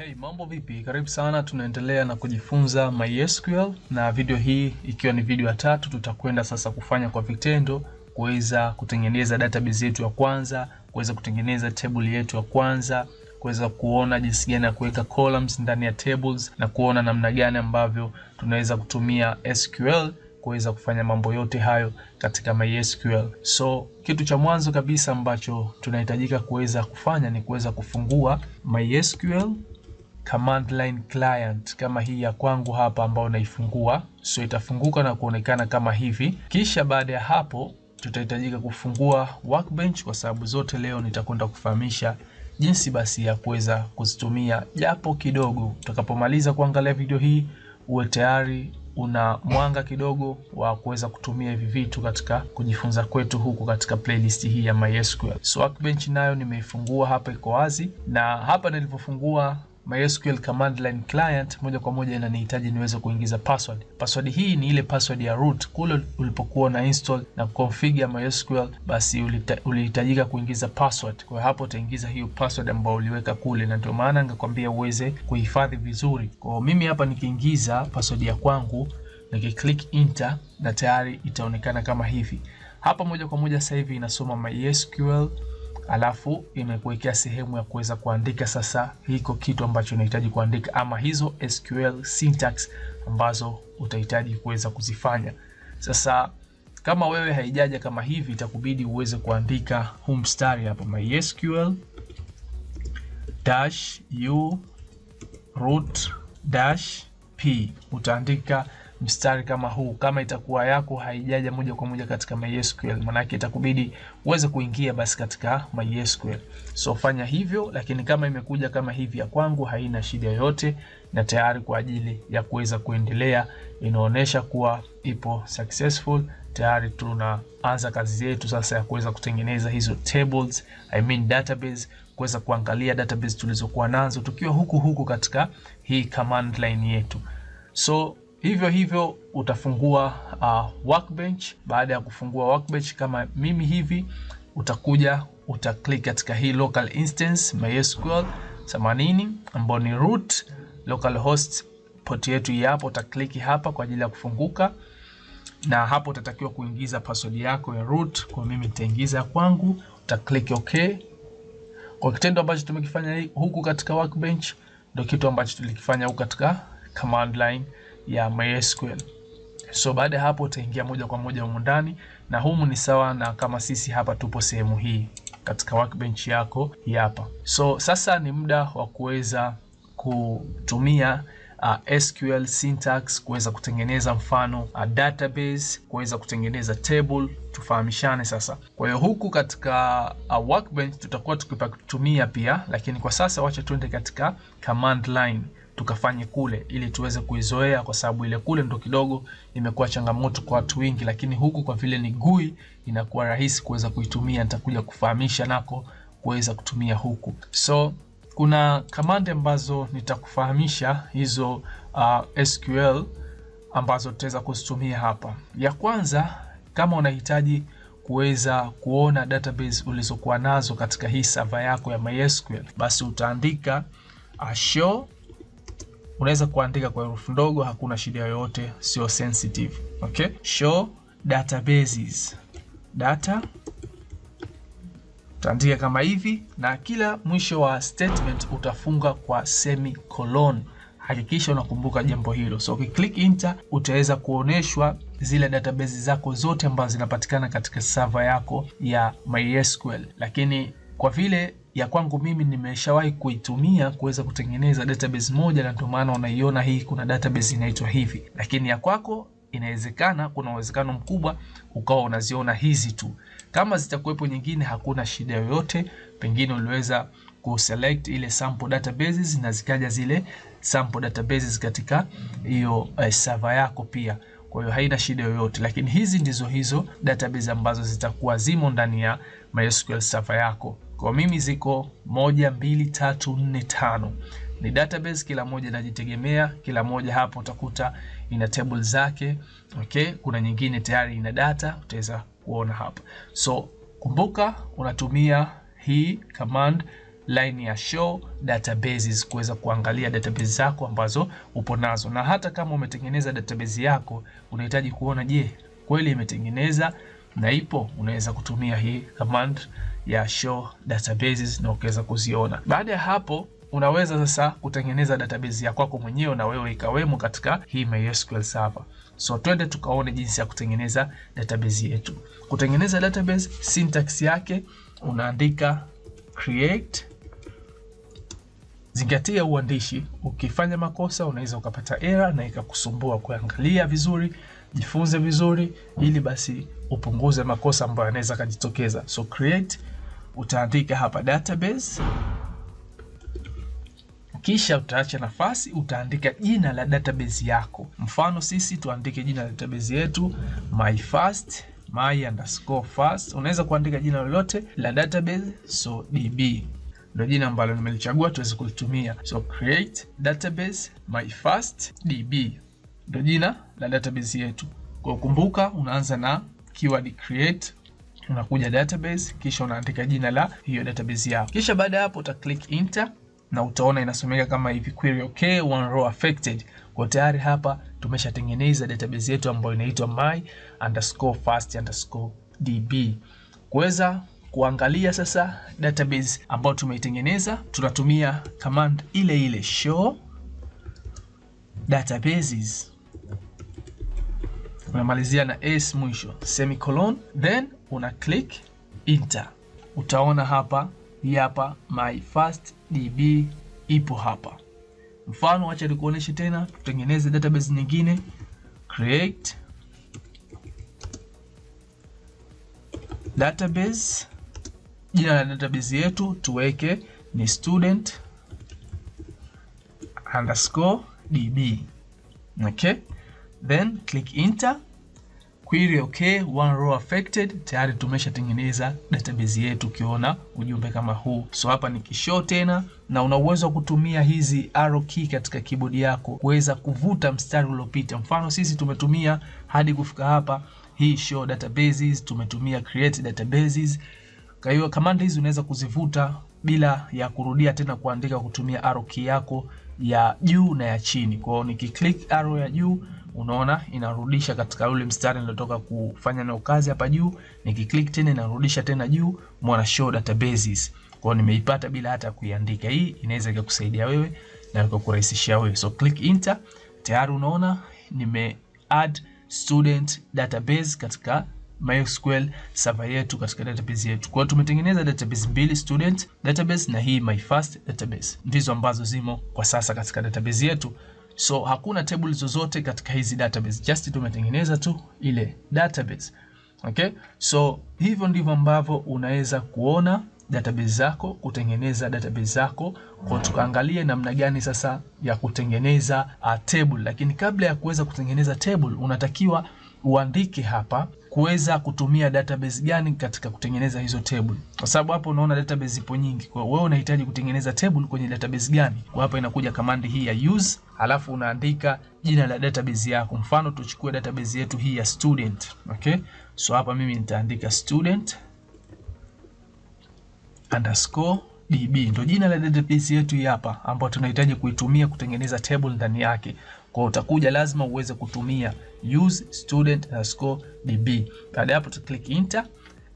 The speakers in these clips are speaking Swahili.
Hey, mambo vipi? Karibu sana, tunaendelea na kujifunza MySQL na video hii ikiwa ni video ya tatu, tutakwenda sasa kufanya kwa vitendo kuweza kutengeneza database yetu ya kwanza, kuweza kutengeneza table yetu ya kwanza, kuweza kuona jinsi gani ya kuweka columns ndani ya tables na kuona namna gani ambavyo tunaweza kutumia SQL kuweza kufanya mambo yote hayo katika MySQL. So kitu cha mwanzo kabisa ambacho tunahitajika kuweza kufanya ni kuweza kufungua MySQL command line client kama hii ya kwangu hapa ambayo naifungua, so itafunguka na kuonekana kama hivi. Kisha baada ya hapo tutahitajika kufungua Workbench kwa sababu zote leo nitakwenda kufahamisha jinsi basi ya kuweza kuzitumia japo kidogo. Utakapomaliza kuangalia video hii, uwe tayari una mwanga kidogo wa kuweza kutumia hivi vitu katika kujifunza kwetu huku katika playlist hii ya MySQL. So Workbench nayo nimeifungua hapa, iko wazi, na hapa nilipofungua MySQL command line client moja kwa moja inanihitaji niweze kuingiza password. Password hii ni ile password ya root, kule ulipokuwa na install na configure MySQL, basi ulihitajika kuingiza password. Kwa hapo utaingiza hiyo password ambayo uliweka kule, na ndio maana ningekwambia uweze kuhifadhi vizuri. Kwa mimi hapa nikiingiza password ya kwangu nikiclick enter, na tayari itaonekana kama hivi hapa moja kwa moja. Sasa hivi inasoma MySQL alafu imekuwekea sehemu ya kuweza kuandika sasa hiko kitu ambacho unahitaji kuandika ama hizo SQL syntax ambazo utahitaji kuweza kuzifanya. Sasa kama wewe haijaja kama hivi, itakubidi uweze kuandika huu mstari hapa MySQL dash u root dash p, utaandika mstari kama huu, kama itakuwa yako haijaja moja kwa moja katika MySQL, manake itakubidi uweze kuingia basi katika MySQL. So fanya hivyo, lakini kama imekuja kama hivi ya kwangu, haina shida yoyote na tayari kwa ajili ya kuweza kuendelea. Inaonyesha kuwa ipo successful tayari tunaanza kazi zetu sasa ya kuweza kutengeneza hizo tables, I mean database, kuweza kuangalia database tulizokuwa nazo tukiwa huku huku katika hii command line yetu so Hivyo hivyo utafungua uh, workbench. Baada ya kufungua workbench kama mimi hivi, utakuja utaklik katika hii local instance MySQL 80 ambayo ni root localhost port yetu hapo, utakliki hapa kwa ajili ya kufunguka, na hapo utatakiwa kuingiza password yako ya root. Kwa mimi nitaingiza kwangu, utaklik okay. Kwa kitendo ambacho tumekifanya huku katika workbench ndio kitu ambacho tulikifanya huku katika command line ya MySQL. So baada ya hapo utaingia moja kwa moja humu ndani, na humu ni sawa na kama sisi hapa tupo sehemu hii katika workbench yako hii hapa. So sasa ni muda wa kuweza kutumia Uh, SQL syntax kuweza kutengeneza mfano uh, database kuweza kutengeneza table, tufahamishane sasa. Kwa hiyo huku katika uh, workbench tutakuwa tukipatumia pia, lakini kwa sasa wacha tuende katika command line tukafanye kule ili tuweze kuizoea, kwa sababu ile kule ndo kidogo imekuwa changamoto kwa watu wengi, lakini huku kwa vile ni GUI inakuwa rahisi kuweza kuitumia. Nitakuja kufahamisha nako kuweza kutumia huku. So kuna kamanda ambazo nitakufahamisha hizo uh, SQL ambazo tutaweza kuzitumia hapa. Ya kwanza kama unahitaji kuweza kuona database ulizokuwa nazo katika hii server yako ya MySQL, basi utaandika uh, show unaweza kuandika kwa herufi ndogo, hakuna shida yoyote, sio sensitive. Okay, show databases data utaandika kama hivi, na kila mwisho wa statement utafunga kwa semicolon. Hakikisha unakumbuka jambo hilo. So ukiclick enter utaweza kuonyeshwa zile database zako zote ambazo zinapatikana katika server yako ya MySQL, lakini kwa vile ya kwangu mimi nimeshawahi kuitumia kuweza kutengeneza database moja, na ndio maana unaiona hii kuna database inaitwa hivi, lakini ya kwako inawezekana, kuna uwezekano mkubwa ukawa unaziona hizi tu. Kama zitakuwepo nyingine, hakuna shida yoyote, pengine uliweza kuselect ile sample databases na zikaja zile sample databases katika hiyo uh, server yako pia. Kwa hiyo haina shida yoyote, lakini hizi ndizo hizo database ambazo zitakuwa zimo ndani ya MySQL server yako. Kwa mimi ziko moja, mbili, tatu, nne, tano. Ni database, kila moja inajitegemea, kila moja hapo utakuta ina table zake. Okay, kuna nyingine tayari ina data, utaweza kuona hapa. So kumbuka unatumia hii command line ya show databases kuweza kuangalia database zako ambazo upo nazo, na hata kama umetengeneza database yako unahitaji kuona, je, kweli imetengeneza na ipo, unaweza kutumia hii command ya show databases na ukaweza kuziona. Baada ya hapo unaweza sasa kutengeneza database ya kwako mwenyewe na wewe ikawemo katika hii MySQL server. So twende tukaone jinsi ya kutengeneza database yetu. Kutengeneza database, syntax yake unaandika create. Zingatia uandishi, ukifanya makosa unaweza ukapata error na ikakusumbua kuangalia vizuri jifunze vizuri, ili basi upunguze makosa ambayo yanaweza kujitokeza. So create utaandika hapa database, kisha utaacha nafasi, utaandika jina la database yako. Mfano sisi tuandike jina la database yetu my first my underscore first. Unaweza kuandika jina lolote la database, so db ndio jina ambalo nimelichagua tuweze kulitumia. So create database my first db ndo jina la database yetu. Kwa kumbuka, unaanza na keyword create unakuja database, kisha unaandika jina la hiyo database yako, kisha baada ya hapo uta click enter na utaona inasomeka kama hivi query okay, one row affected. Kwa tayari hapa tumeshatengeneza database yetu ambayo inaitwa db. Kuweza kuangalia sasa database ambayo tumeitengeneza, tunatumia command ile ile show databases unamalizia na s mwisho semicolon, then una click enter. Utaona hapa hii hapa my first db ipo hapa. Mfano, acha nikuoneshe tena, tutengeneze database nyingine create database. Jina la database yetu tuweke ni student underscore db. Okay then click enter, query okay, one row affected. Tayari tumeshatengeneza database yetu, ukiona ujumbe kama huu. So hapa ni kishow tena, na una uwezo wa kutumia hizi arrow key katika keyboard yako kuweza kuvuta mstari uliopita. Mfano sisi tumetumia hadi kufika hapa, hii show databases, tumetumia create databases. Kwa hiyo command hizi unaweza kuzivuta bila ya kurudia tena kuandika kutumia arrow key yako ya juu na ya chini. Kwa hiyo nikiklik arrow ya juu unaona inarudisha katika ule mstari nilotoka kufanya nao kazi hapa juu. Nikiklik tena inarudisha tena juu, mwana show databases. kwao, nimeipata bila hata kuiandika. Hii inaweza ikakusaidia wewe na ikakurahisishia wewe. So click enter, tayari unaona nime add student database katika MySQL server yetu katika database yetu. Kwa tumetengeneza database mbili, student database na hii my first database. Ndizo ambazo zimo kwa sasa katika database yetu. So hakuna table zozote katika hizi database, just tumetengeneza tu ile database. Okay? So hivyo ndivyo ambavyo unaweza kuona database zako, kutengeneza database zako, kwa tukaangalie namna gani sasa ya kutengeneza a uh, table. Lakini kabla ya kuweza kutengeneza table, unatakiwa uandike hapa kuweza kutumia database gani katika kutengeneza hizo table, kwa sababu hapo unaona database ipo nyingi. Kwa hiyo wewe unahitaji kutengeneza table kwenye database gani? Kwa hapa inakuja command hii ya use, alafu unaandika jina la database yako. Mfano tuchukue database yetu hii ya student, okay. So hapa mimi nitaandika student underscore db, ndio jina la database yetu hapa, ambayo tunahitaji kuitumia kutengeneza table ndani yake. Kwa utakuja lazima uweze kutumia use student underscore db. Baada hapo tu click enter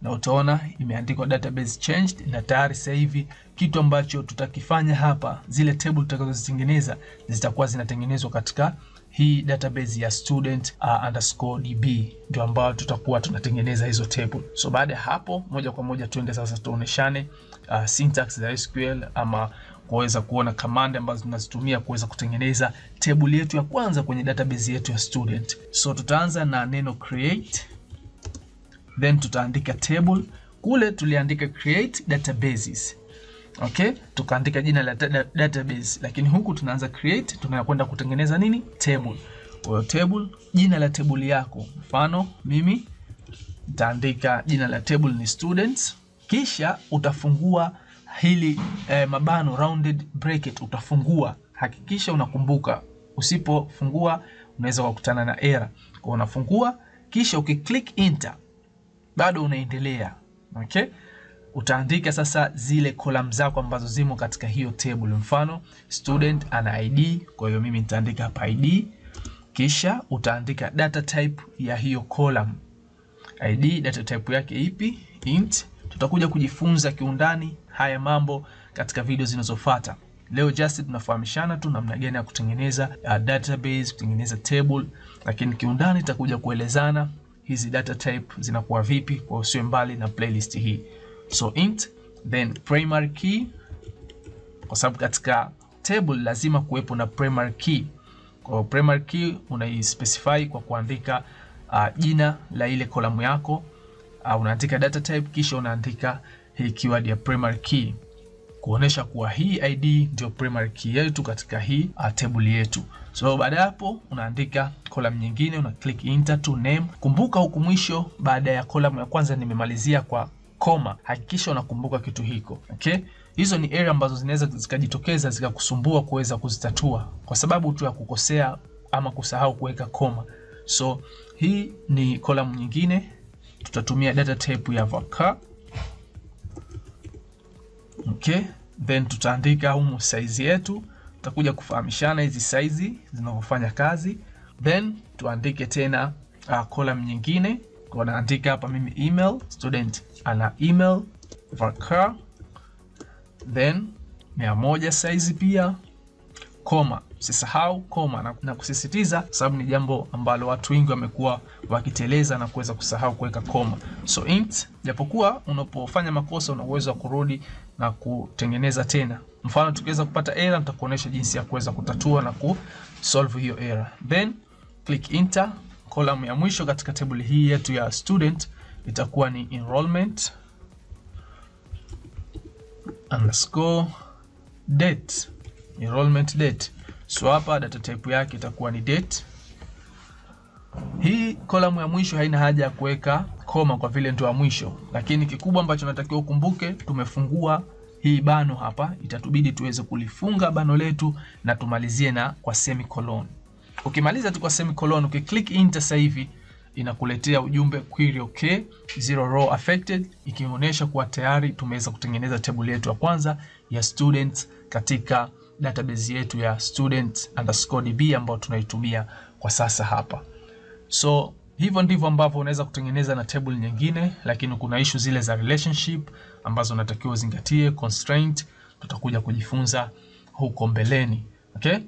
na utaona imeandikwa database changed, na tayari sasa hivi kitu ambacho tutakifanya hapa, zile table tutakazozitengeneza zitakuwa zinatengenezwa katika hii database ya student uh, underscore db ndio ambayo tutakuwa tunatengeneza hizo table. So baada ya hapo, moja kwa moja tuende sasa tuoneshane uh, syntax za SQL ama kuweza kuona kamanda ambazo tunazitumia kuweza kutengeneza table yetu ya kwanza kwenye database yetu ya student. So tutaanza na neno create, then tutaandika table. Kule tuliandika create databases Okay, tukaandika jina la database, lakini huku tunaanza create, tunakwenda kutengeneza nini? Table. Kwa table, jina la table yako, mfano mimi nitaandika jina la table ni students, kisha utafungua hili eh, mabano rounded bracket utafungua. Hakikisha unakumbuka, usipofungua unaweza kukutana na error. Kwa unafungua kisha ukiclick enter bado unaendelea. Okay? Utaandika sasa zile column zako ambazo zimo katika hiyo table. Mfano student ana ID, kwa hiyo mimi nitaandika hapa ID, kisha utaandika data type ya hiyo column. ID data type yake ipi? Int. Tutakuja kujifunza kiundani haya mambo katika video zinazofuata. Leo just tunafahamishana tu namna gani ya kutengeneza uh, database, kutengeneza table, lakini kiundani takuja kuelezana hizi data type zinakuwa vipi, kwa usiwe mbali na playlist hii. So int then primary key, kwa sababu katika table lazima kuwepo na primary key. Kwa primary key unaispecify kwa kuandika uh, jina la ile kolamu yako uh, unaandika data type kisha unaandika hii keyword ya primary key kuonesha kuwa hii ID ndio primary key yetu katika hii uh, table yetu. So baada ya hapo unaandika column nyingine, una click enter to name. Kumbuka huku mwisho baada ya column ya kwanza nimemalizia kwa koma, hakikisha unakumbuka kitu hiko. Okay? Hizo ni area ambazo zinaweza zikajitokeza zikakusumbua kuweza kuzitatua kwa sababu tu ya kukosea ama kusahau kuweka koma. So hii ni column nyingine, tutatumia data type ya varchar Okay, then tutaandika humu size yetu, tutakuja kufahamishana hizi size zinavyofanya kazi, then tuandike tena uh, column nyingine. Kwa naandika hapa mimi email, student ana email varkar, then 100 size pia, koma usisahau koma na, na kusisitiza, sababu ni jambo ambalo watu wengi wamekuwa wakiteleza na kuweza kusahau kuweka koma. So int, japokuwa unapofanya makosa una uwezo wa kurudi na kutengeneza tena. Mfano, tukiweza kupata error, nitakuonesha jinsi ya kuweza kutatua na ku solve hiyo error. Then click enter. Column ya mwisho katika table hii yetu ya student itakuwa ni enrollment underscore date, enrollment date. So hapa data type yake itakuwa ni date. Hii kolamu ya mwisho haina haja ya kuweka koma kwa vile ndio ya mwisho, lakini kikubwa ambacho natakiwa ukumbuke, tumefungua hii bano hapa, itatubidi tuweze kulifunga bano letu na tumalizie na kwa semicolon. Ukimaliza tu kwa semicolon, ukiclick enter sasa hivi inakuletea ujumbe query okay, zero row affected, ikionyesha kuwa tayari tumeweza kutengeneza table yetu ya kwanza ya students katika database yetu ya student underscore db ambayo tunaitumia kwa sasa hapa. So hivyo ndivyo ambavyo unaweza kutengeneza na table nyingine, lakini kuna issue zile za relationship ambazo unatakiwa uzingatie, constraint tutakuja kujifunza huko mbeleni. Okay?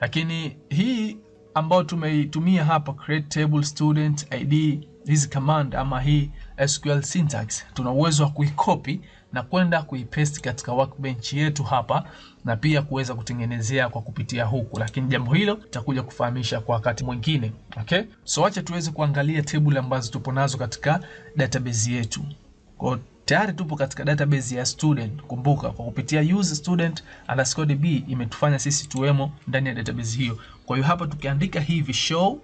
Lakini hii ambayo tumeitumia hapa create table student id, hizi command ama hii SQL syntax tuna uwezo wa kuikopi na kwenda kuipaste katika workbench yetu hapa na pia kuweza kutengenezea kwa kupitia huku, lakini jambo hilo tutakuja kufahamisha kwa wakati mwingine okay. So acha tuweze kuangalia table ambazo tupo nazo katika database yetu. Kwa tayari tupo katika database ya student. Kumbuka kwa kupitia use student underscore db imetufanya sisi tuwemo ndani ya database hiyo. Kwa hiyo hapa tukiandika hivi show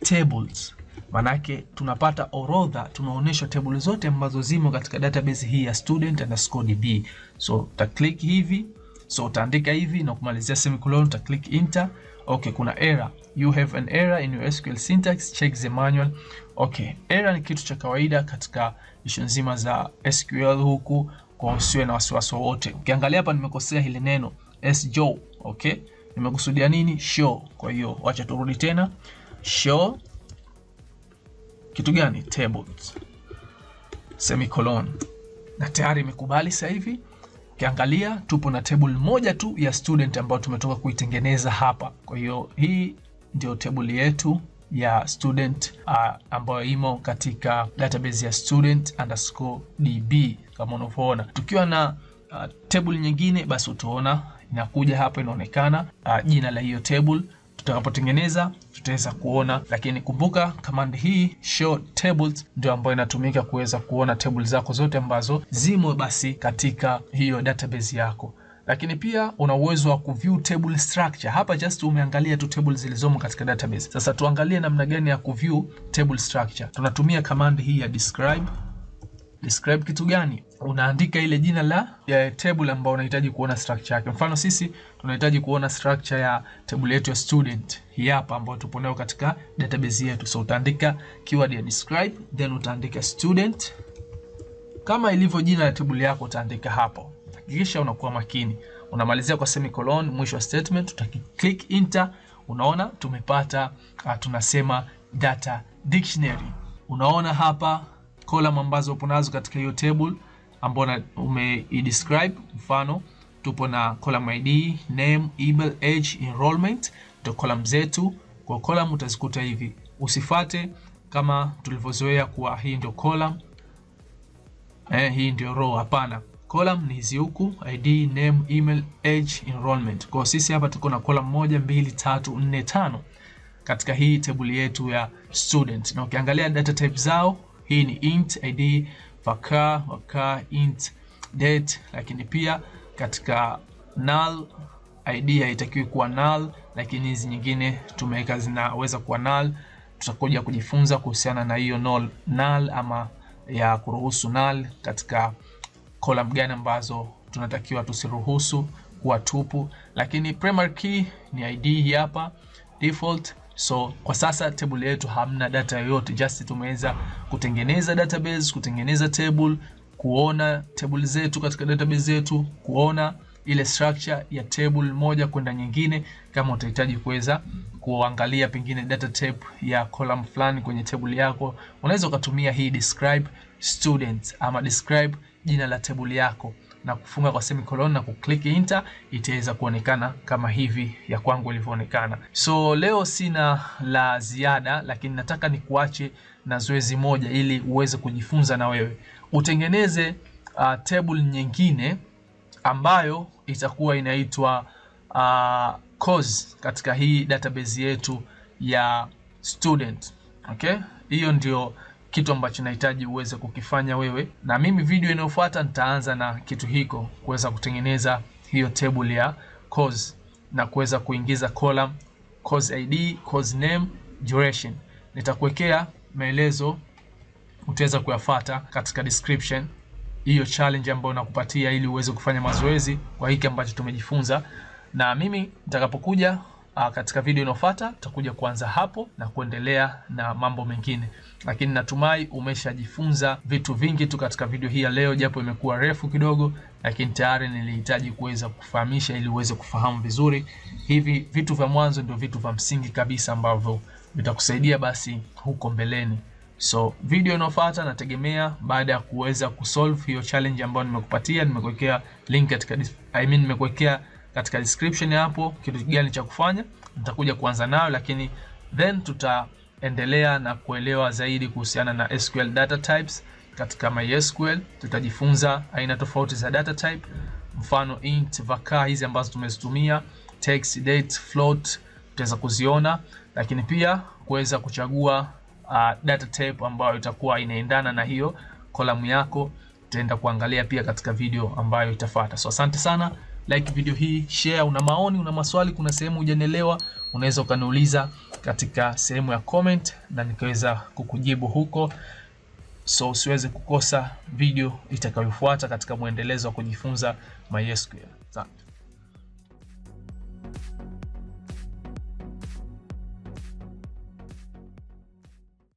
tables Manake tunapata orodha, tunaonyeshwa table zote ambazo zimo katika database hii ya student underscore db. So uta click hivi, so utaandika hivi na kumalizia semicolon, uta click enter. Okay, kuna error, you have an error in your SQL syntax, check the manual. Okay, error ni kitu cha kawaida katika ishu nzima za SQL huku, kwa usiwe na wasiwasi wowote. Ukiangalia hapa nimekosea hili neno sjo, okay, nimekusudia nini show. Kwa hiyo wacha turudi tena show kitu gani? Tables semicolon, na tayari imekubali sasa hivi. Ukiangalia tupo na table moja tu ya student ambayo tumetoka kuitengeneza hapa. Kwa hiyo hii ndio table yetu ya student uh, ambayo imo katika database ya student underscore db kama unavyoona. Tukiwa na uh, table nyingine, basi utaona inakuja hapa, inaonekana uh, jina la hiyo table tutakapotengeneza tutaweza kuona, lakini kumbuka command hii show tables ndio ambayo inatumika kuweza kuona table zako zote ambazo zimo basi katika hiyo database yako lakini pia una uwezo wa kuview table structure. Hapa just umeangalia tu table zilizomo katika database. Sasa tuangalie namna gani ya kuview table structure. Tunatumia command hii ya describe describe kitu gani? Unaandika ile jina la ya table ambayo unahitaji kuona structure yake. Mfano sisi tunahitaji kuona structure ya table yetu ya student hii hapa ambayo tupo nayo katika database yetu. So utaandika keyword ya describe, then utaandika student kama ilivyo jina la table yako utaandika hapo. Hakikisha unakuwa makini. Unamalizia kwa semicolon mwisho wa statement, utakiclick enter. Unaona tumepata ah, tunasema data dictionary. Unaona hapa column ambazo upo nazo katika hiyo table ambayo umeidescribe. Mfano tupo na column ID, name, email, age, enrollment ndio column zetu. Kwa column utazikuta hivi, usifate kama tulivyozoea kuwa hii ndio column eh, hii ndio row. Hapana, column ni hizi huku, ID, name, email, age, enrollment. Kwa sisi hapa tuko na column moja, mbili, tatu, nne, tano katika hii table yetu ya student, na ukiangalia data type zao hii ni int id vaka vaka int date, lakini pia katika null id haitakiwi kuwa null, lakini hizi nyingine tumeweka zinaweza kuwa null. Tutakuja kujifunza kuhusiana na hiyo null, null ama ya kuruhusu null katika column gani ambazo tunatakiwa tusiruhusu kuwa tupu. Lakini primary key ni id hii hapa default So kwa sasa table yetu hamna data yoyote, just tumeweza kutengeneza database, kutengeneza table, kuona table zetu katika database yetu, kuona ile structure ya table moja kwenda nyingine. Kama utahitaji kuweza kuangalia pengine data type ya column fulani kwenye table yako, unaweza ukatumia hii describe students ama describe jina la table yako na kufunga kwa semicolon na kuclick enter, itaweza kuonekana kama hivi ya kwangu ilivyoonekana. So leo sina la ziada, lakini nataka nikuache na zoezi moja ili uweze kujifunza na wewe utengeneze uh, table nyingine ambayo itakuwa inaitwa uh, course katika hii database yetu ya student. Okay, hiyo ndio kitu ambacho nahitaji uweze kukifanya wewe, na mimi video inayofuata nitaanza na kitu hiko kuweza kutengeneza hiyo table ya course na kuweza kuingiza column course ID, course name, duration. Nitakuwekea maelezo utaweza kuyafuata katika description hiyo challenge ambayo nakupatia ili uweze kufanya mazoezi kwa hiki ambacho tumejifunza, na mimi nitakapokuja Aa, ah, katika video inayofuata tutakuja kuanza hapo na kuendelea na mambo mengine, lakini natumai umeshajifunza vitu vingi tu katika video hii ya leo, japo imekuwa refu kidogo, lakini tayari nilihitaji kuweza kufahamisha ili uweze kufahamu vizuri. Hivi vitu vya mwanzo ndio vitu vya msingi kabisa ambavyo vitakusaidia basi huko mbeleni. So video inayofuata nategemea baada ya kuweza kusolve hiyo challenge ambayo nimekupatia, nimekuwekea link katika I mean nimekuwekea katika description hapo kitu gani cha kufanya, nitakuja kuanza nayo, lakini then tutaendelea na kuelewa zaidi kuhusiana na SQL data types. Katika MySQL tutajifunza aina tofauti za data type, mfano int, varchar hizi ambazo tumezitumia, text, date, float tutaweza kuziona, lakini pia kuweza kuchagua uh, data type ambayo itakuwa inaendana na hiyo kolamu yako, tutaenda kuangalia pia katika video ambayo itafuata. So asante sana like video hii, share. Una maoni, una maswali, kuna sehemu hujanielewa, unaweza ukaniuliza katika sehemu ya comment na nikaweza kukujibu huko, so usiweze kukosa video itakayofuata katika mwendelezo wa kujifunza MySQL. Asante.